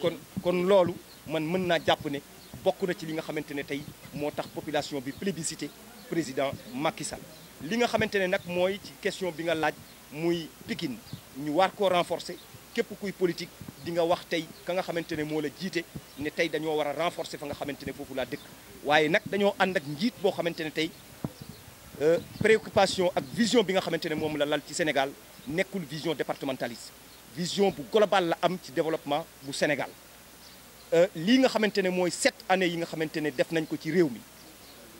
kon kon loolu man mën naa ne bokku na ci li nga xamantene tay tey population bi plébiscité président Macky Sall li nga xamantene nak moy ci question bi nga laaj muy Pikine ñu war ko renforcer képp kuy politique di nga wax tay ka nga xamantene mo la jité ne tay dañoo wara renforcer fa nga xamantene fofu la laa dëkk waaye nag dañoo and ak njit bo xamantene tay tey euh, préoccupation ak vision bi nga xamantene mom la lal ci Sénégal nekkul vision départementaliste vision bu global la am ci développement bu Sénégal euh, li nga xamantene moy 7 sept années yi nga xamantene ne def nañ ko ci réew mi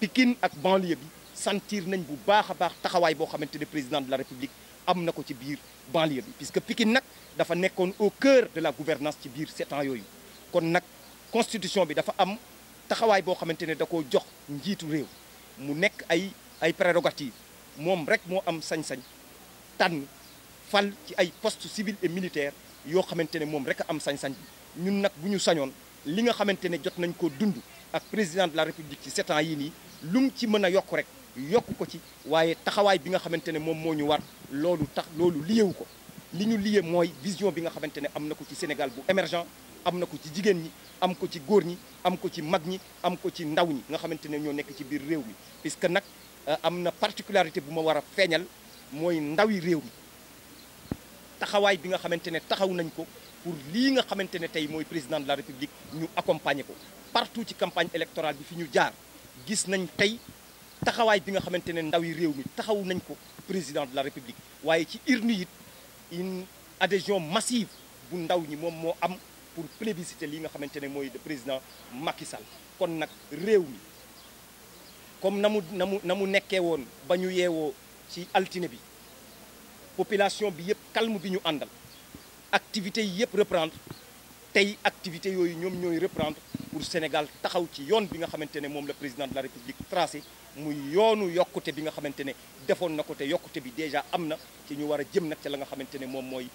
Pikine ak banlieue bi sentir nañ bu baax baax taxaway bo xamantene président de la République am nako ci biir banlieue bi puisque Pikine nak dafa nekkoon au cœur de la gouvernance ci biir sept ans yoyu kon nak constitution bi dafa am taxaway bo xamantene dako jox njitu réew mu nekk ay ay prérogatives mom rek mo am sañ-sañ tan fal ci ay poste civil et militaire yo xamantene mom rek am sañ-sañ ñun nak buñu sañon li nga xamantene jot président de la république ci 7 ans yi ni lu ci mëna a rek yok ko ci waye taxaway bi nga xamantene vision bi Sénégal émergent ko ci ñi am ko ci ñi am ko ci mag ñi am ko ci ndaw ñi euh, particularité bu ma réew taxawaay bi nga xamantene taxaw nañ ko pour li nga xamantene tay moy président de la république ñu accompagner ko partout ci campagne électorale bi fi ñu jaar gis nañ tay taxaway bi nga xamantene ndaw yi réew mi taxaw nañ ko président de la république waaye ci urne it une adhésion massive bu ndaw ñi mom mo am pour plébisciter li nga xamantene moy de le président Macky Sall kon nak réew mi comme na namu namu nekké won ba ñu yéwo ci altiné bi population bi yépp calme bi ñu àndal activités yi reprendre tey activité yooyu ñoom ñooy reprendre pour Sénégal taxaw ci yoon bi nga xamante ne moom la président de la République tracé muy yoonu yokkute bi nga xamante ne defoon na ko te yokkute bi déjà am na ci ñu war a jëm nag ci la nga xamante ne moom mooy